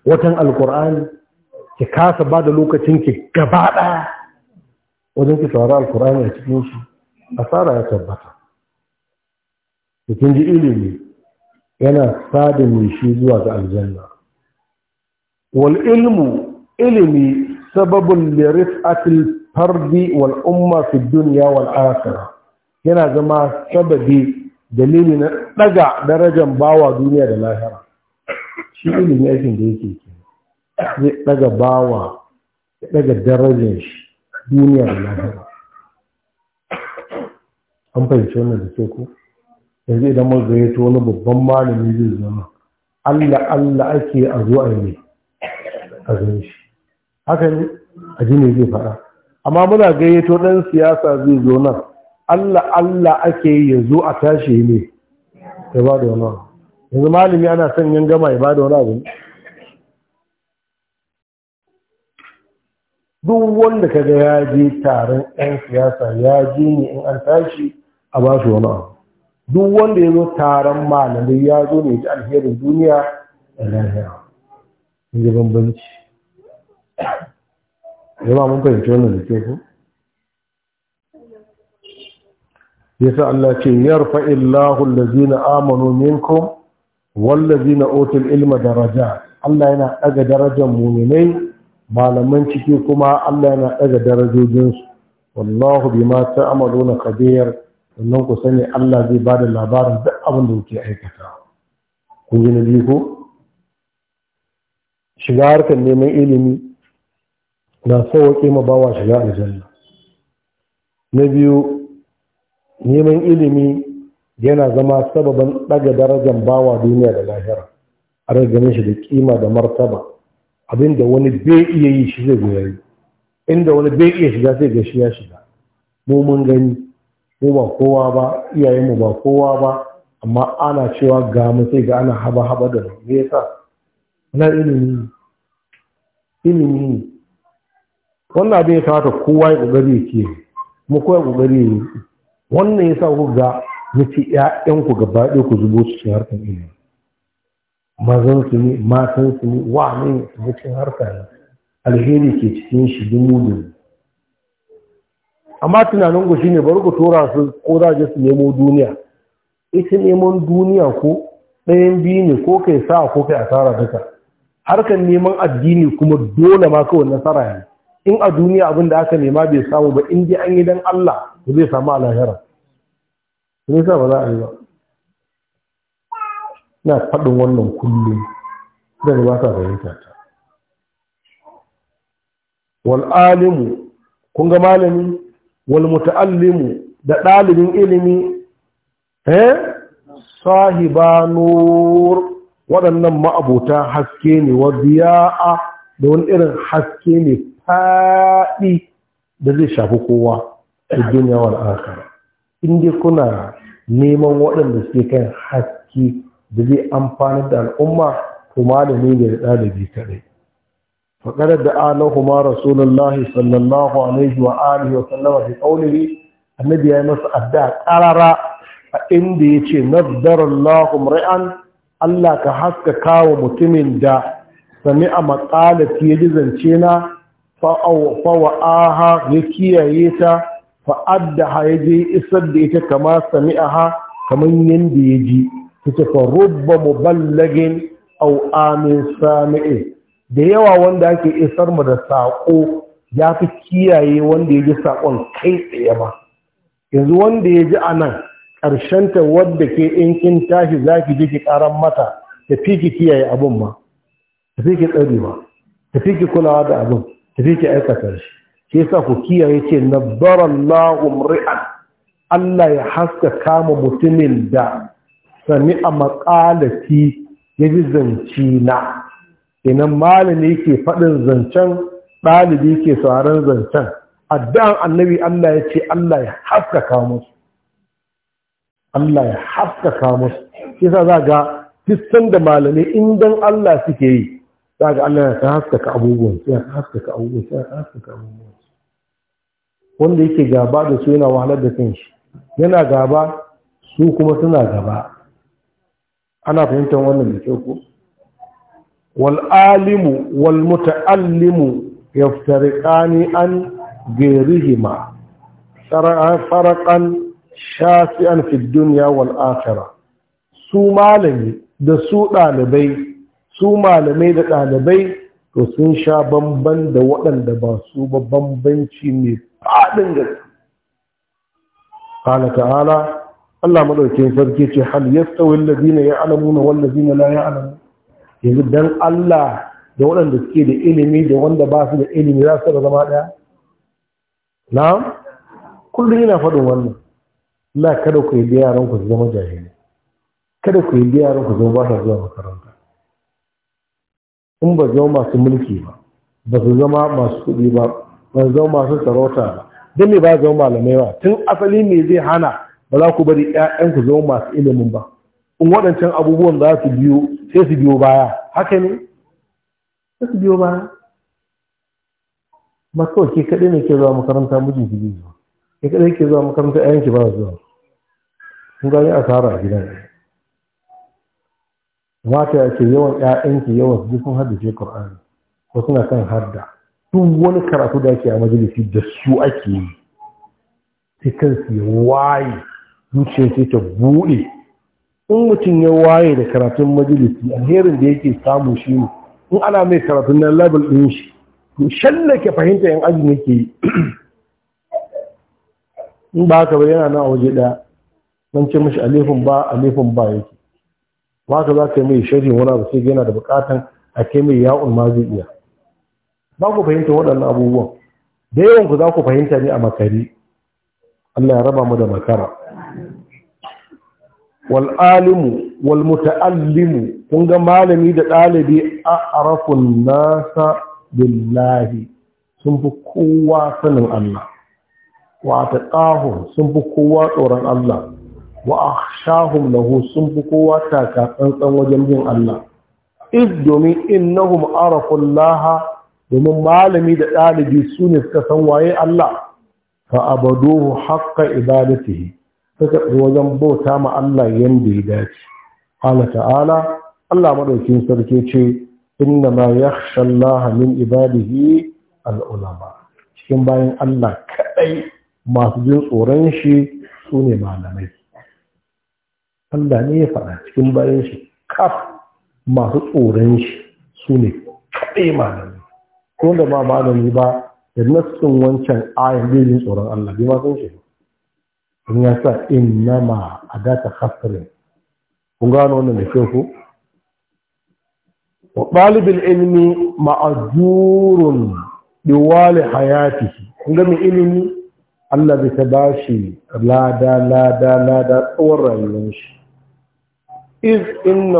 watan alkur'ani ki kasa ba da lokacin ki gaba daya wajen ki saurari alkur'ani a cikin shi asara ya tabbata cikin ji ilimi yana sada mai shi zuwa ga aljanna wal ilmu ilimi sababin lirif'atil fardi wal umma fi duniya wal akhirah yana zama sababi dalili na daga darajar bawa duniya da lahira shi ilimin aikin da yake zai daga bawa ya daga darajar shi duniya da lahira an fahimci wannan da ke ku yanzu idan mun gayyato wani babban malami zai zama Allah Allah ake a zo a yi a zai shi haka ne a ji ne zai faɗa amma muna gayyato ɗan siyasa zai zo nan Allah Allah ake yi yanzu a tashi ne ya ba da wani yanzu malami ana son yin gama ya ba da wani abu duk wanda kaga ya je taron 'yan siyasa ya ji ne in an tashi a ba shi wani abu duk wanda ya zo taron malamai ya zo ne ji alherin duniya da lahiya in ji bambanci zama mun fahimci wannan da ke ku yasa Allah ce yarfa illahu allazina amanu minkum wallazina utul ilma daraja Allah yana daga darajar mu'minai malaman ciki kuma Allah yana daga darajojin su wallahu bima ta'maluna qadir sannan ku sani Allah zai bada labarin duk abin da kuke aikata kun ji nabi ko shiga harkar neman ilimi na sauwaƙe ma bawa shiga aljanna na biyu neman ilimi yana zama sababan ɗaga darajar bawa duniya da lahira a ragamin shi da kima da martaba abinda wani bai iya yi shi zai goya yi inda wani bai iya shiga sai ga shi ya shiga mu mun gani mu ba kowa ba iyayenmu ba kowa ba amma ana cewa ga mu sai ga ana haba haba da mu me yasa na ilimi ilimi wannan abin ya kamata kowa ya kokari ya ke mu kowa ya kokari ya yi wannan yasa ku ga yace ƴaƴan ku gaba ɗaya ku zubo su cikin harkar ilimi mazan su ne matan su ne wa ne su cikin harka ne alheri ke cikin shi dumu dumu amma tunanin ku shine bari ku tura su ko za je su nemo duniya ita neman duniya ko ɗayan biyu ne ko kai sa ko kai asara duka harkar neman addini kuma dole ma kawai nasara ne in a duniya abin da aka nema bai samu ba in ji an yi dan Allah to zai samu a lahira me yasa ba za a yi ba na faɗin wannan kullum da ba ta fahimta ta wal alimu kun ga malami wal muta'allimu da ɗalibin ilimi eh sahiba nur waɗannan ma'abota haske ne wa biya'a da wani irin haske ne faɗi da zai shafi kowa a duniya wal akhirah inda kuna neman waɗanda suke kan haske da zai amfani da al'umma to malami ne da da ɗalibi ɗai faƙarar da alahuma rasulullahi sallallahu alaihi wa alihi wa sallama fi ƙaunihi annabi ya yi masa adda ƙarara a inda ya ce nazarallahu mura'an Allah ka haska kawo mutumin da sami a matsalar fiye zance na aha ya kiyaye ta fa'addaha ya je isar da ita kama sami'aha kamar yadda ya ji ta ce fa rubba muballagin au amin sami'in da yawa wanda ake isar mu da saƙo ya fi kiyaye wanda ya ji saƙon kai tsaye ba yanzu wanda ya ji a nan ƙarshenta wadda ke in kin tashi za ki je ki ƙaran mata tafi ki kiyaye abin ma tafi ki tsari ma tafi ki kulawa da abin tafi ke aikata shi shi yasa ku kiyaye ce na nabarallahu mri'an Allah ya haska kama mutumin da sami a makalati ya ji zance na inan malami ke faɗin zancen ɗalibi ke sauran zancen addu'an annabi Allah ya ce Allah ya kama su Allah ya su yasa za ga duk da malami indan Allah suke yi za ga Allah ya haskaka abubuwan ya haskaka abubuwan ya haskaka abubuwan wanda yake gaba da su yana wahalar da kan shi yana gaba su kuma suna gaba ana fahimtar wannan da kyau ko wal alimu wal muta'allimu yaftariqani an ghairihima faraqan shasi'an fi dunya wal akhirah su malami da su dalibai su malamai da ɗalibai to sun sha bamban da waɗanda ba su ba bambanci mai faɗin gaske قال تعالى Allah madaukakin sarki ce hal alamu na ya'lamuna wal na la alamu?" yanzu don Allah da waɗanda suke da ilimi da wanda ba su da ilimi za su zama ɗaya? na'am kullum ina faɗin wannan Allah kada ku yi yaran ku zama jahili kada ku yi yaran ku zama ba sa zuwa makaranta in ba zama masu mulki ba ba su zama masu kuɗi ba ba su zama masu sarauta ba don me ba zama malamai ba tun asali me zai hana ba za ku bari ƴaƴanku zama masu ilimin ba in waɗancan abubuwan za su biyo sai su biyo baya haka ne sai su biyo baya ba kawai ke kaɗai ne ke zuwa makaranta mijin ki zuwa ke kaɗai ke zuwa makaranta ƴaƴan ki ba zuwa kun gani asara a gidan mata ya ce yawan ‘ya'yanki yawan su sun haddace Kur'ani ko suna kan hadda Tun wani karatu da ake a majalisi da su ake yi sai kansu ya waye zuciya sai ta buɗe in mutum ya waye da karatun majalisi alherin da yake samu shi ne in ana mai karatun nan labal ɗin shi to shallake fahimta yan ajin yake ke yi in ba ka ba yana nan a waje ɗaya don ce mashi alifin ba alifin ba yake ba ka za ka yi mai shari wani abu sai yana da bukatan a ke mai ya'un ma zai iya ba ku fahimta waɗannan abubuwan da yawan ku za ku fahimta ne a makari Allah ya raba mu da makara Wal'alimu alimu wal muta'allimu kun ga malami da ɗalibi a arafun nasa billahi sun fi kowa sanin Allah wa ta sun fi kowa tsoron Allah wa akhshahum lahu sun fi kowa taka tsantsan wajen bin Allah iz domin innahum arafu Allah domin malami da ɗalibi sune ne suka san waye Allah fa abaduhu haqqa ibadatihi suka wajen bauta ma Allah yanda ya dace Allah ta'ala Allah madaukin sarki ce inna ma yakhsha Allah min ibadihi al ulama cikin bayan Allah kaɗai masu jin tsoron shi su malamai Allah ne ya faɗa cikin bayan shi kaf masu tsoron shi su ne kaɗai malami ko da ba malami ba da nassin wancan ayan zai tsoron Allah bai ma san shi in ya sa a adata hasirin kun gano wannan da kyau ko wa ɗalibin ilimi ma'ajurun diwali hayati kun ga mai ilimi Allah bai ta shi lada lada lada tsawon rayuwar shi iz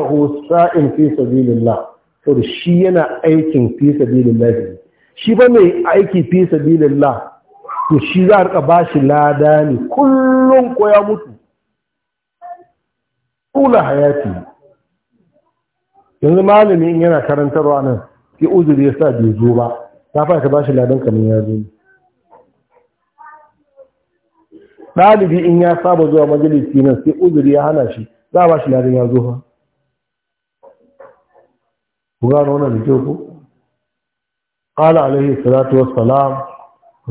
husa sa'in fi sabilillah to shi yana aikin fi sabilillah shi ba mai aiki fi sabilillah to shi za a rika bashi lada ne kullum ko ya mutu tula hayati yanzu malami in yana karantarwa nan ki uzuri ya sa bai zo ba ta fara ka bashi ladan kamar ya zo ɗalibi in ya saba zuwa majalisi nan sai uzuri ya hana shi za a ba shi ladin ya zo fa ku gano wannan da kyau ko alaihi salatu wassalam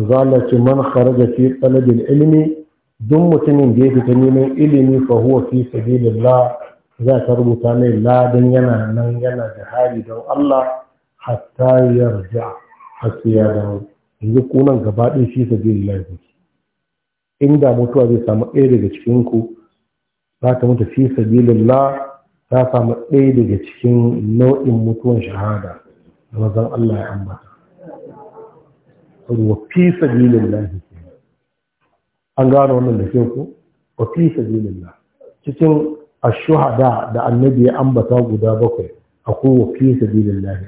zalla ce man kharaja fi talab ilmi duk mutumin da ya fita neman ilimi fa huwa fi sabilillah za ta rubuta mai ladin yana nan yana da hari. don Allah hatta yarja hasu ya dawo yanzu kunan gaba ɗaya fi sabilillah kuke inda mutuwa zai samu ɗaya daga cikin ku za ta mutu fi sabilillah ta samu ɗaya daga cikin nau'in mutuwan shahada da mazan Allah ya ambata wa fi sabilillah an gano wannan da kyau ko wa fi sabilillah cikin ashuhada da annabi ya ambata guda bakwai akwai wa fi sabilillah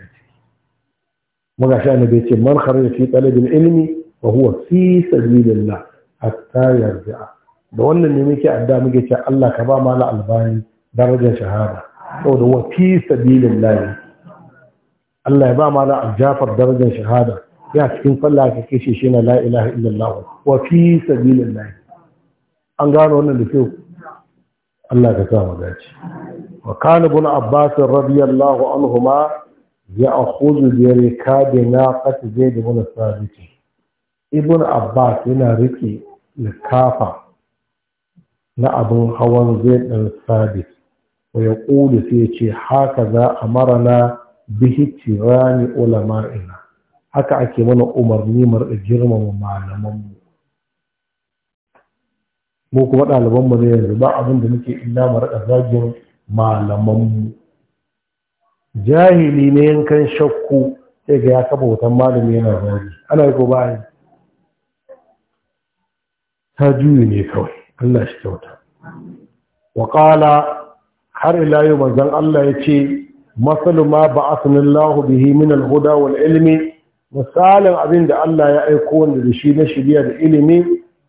maga sha annabi ce man kharaja fi talabil ilmi wa huwa fi sabilillah hatta yarji'a da wannan ne muke adda muke ce Allah ka ba mala albani darajar shahada saboda wa fi sabilillah Allah ya ba mala aljafar darajar shahada ya cikin sallah ka kishi shi na la ilaha illallah wa fi sabilillah an gano wannan da kyau Allah ka sa mu dace wa kana ibn abbas radiyallahu anhuma ya'khudhu bi rikabi naqati zaid ibn sabit ibn abbas yana rike likafa na abin hawan zai ɗan sabis wa ya ƙuli sai ce haka za a marana bihi tirani ina, haka ake mana umarni mar girmama malamanmu mu kuma ɗaliban mu ne yanzu ba abin da muke illa mu zagin malamanmu jahili ne yankan shakku sai ga ya kafa wutan malami yana zagi ana yi ko ba ta juyi ne kawai Allah shi kyauta wa har ila yau Allah ya ce masalu ma ba'athnallahu bihi min al-huda wal ilimi misalin abin da Allah ya aiko wanda da shi na shirya da ilimi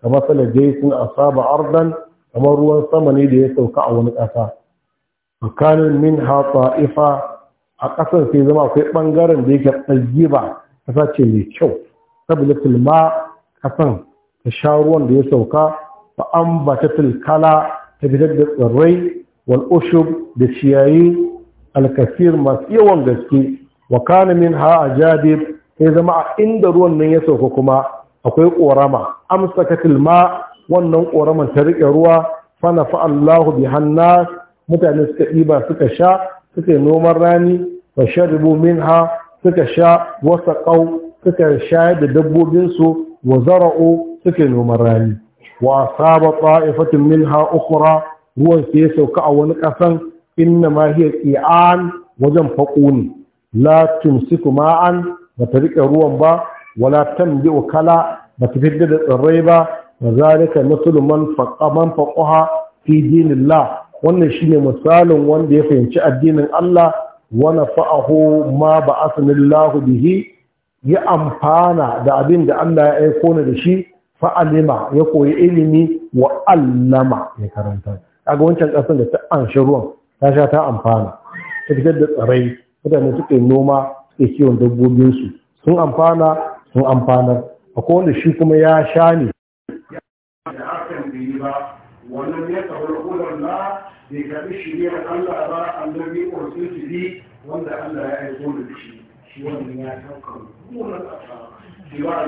ka masala a saba ardan kamar ruwan sama ne da ya sauka a wani ƙasa tsakanin min hatsa ifa a ƙasar sai zama akwai ɓangaren da yake ɗajiba ƙasa ce mai kyau saboda filma ƙasan ta sha ruwan da ya sauka fa ambatatul kala ta fitar da tsirrai wal ushub da ciyayi alkasir masu yawan gaske wa kana min ha ajadib sai zama a inda ruwan nan ya sauka kuma akwai korama amsakatil ma wannan koraman ta riƙe ruwa fa nafa Allahu bi hannas mutane suka ɗiba suka sha suka yi noman rani fa sharibu minha suka sha wasaqau suka sha da dabbobinsu wa zara'u suka yi noman rani wa asaba ta'ifatun minha ukura, ruwan sai sauka a wani kasan inna ma hiya qi'an wajen fako ne la tumsiku ma'an bata rike ruwan ba wala tambi kala bata fidda da tsirrai ba wa zalika nasulu man faqa man faqaha fi dinillah wannan shine misalin wanda ya fahimci addinin Allah wa nafa'ahu ma ba'athna bihi ya amfana da abin da Allah ya aiko ni da shi fa'alima ya koyi ilimi wa allama ya karanta A ga wancan ƙasar da ta anshi ruwan ta sha ta amfana ta fitar da tsarai mutane suke noma suke kiwon dabbobinsu sun amfana sun amfanar akwai wanda shi kuma ya sha ne wannan ya ya shi wannan ya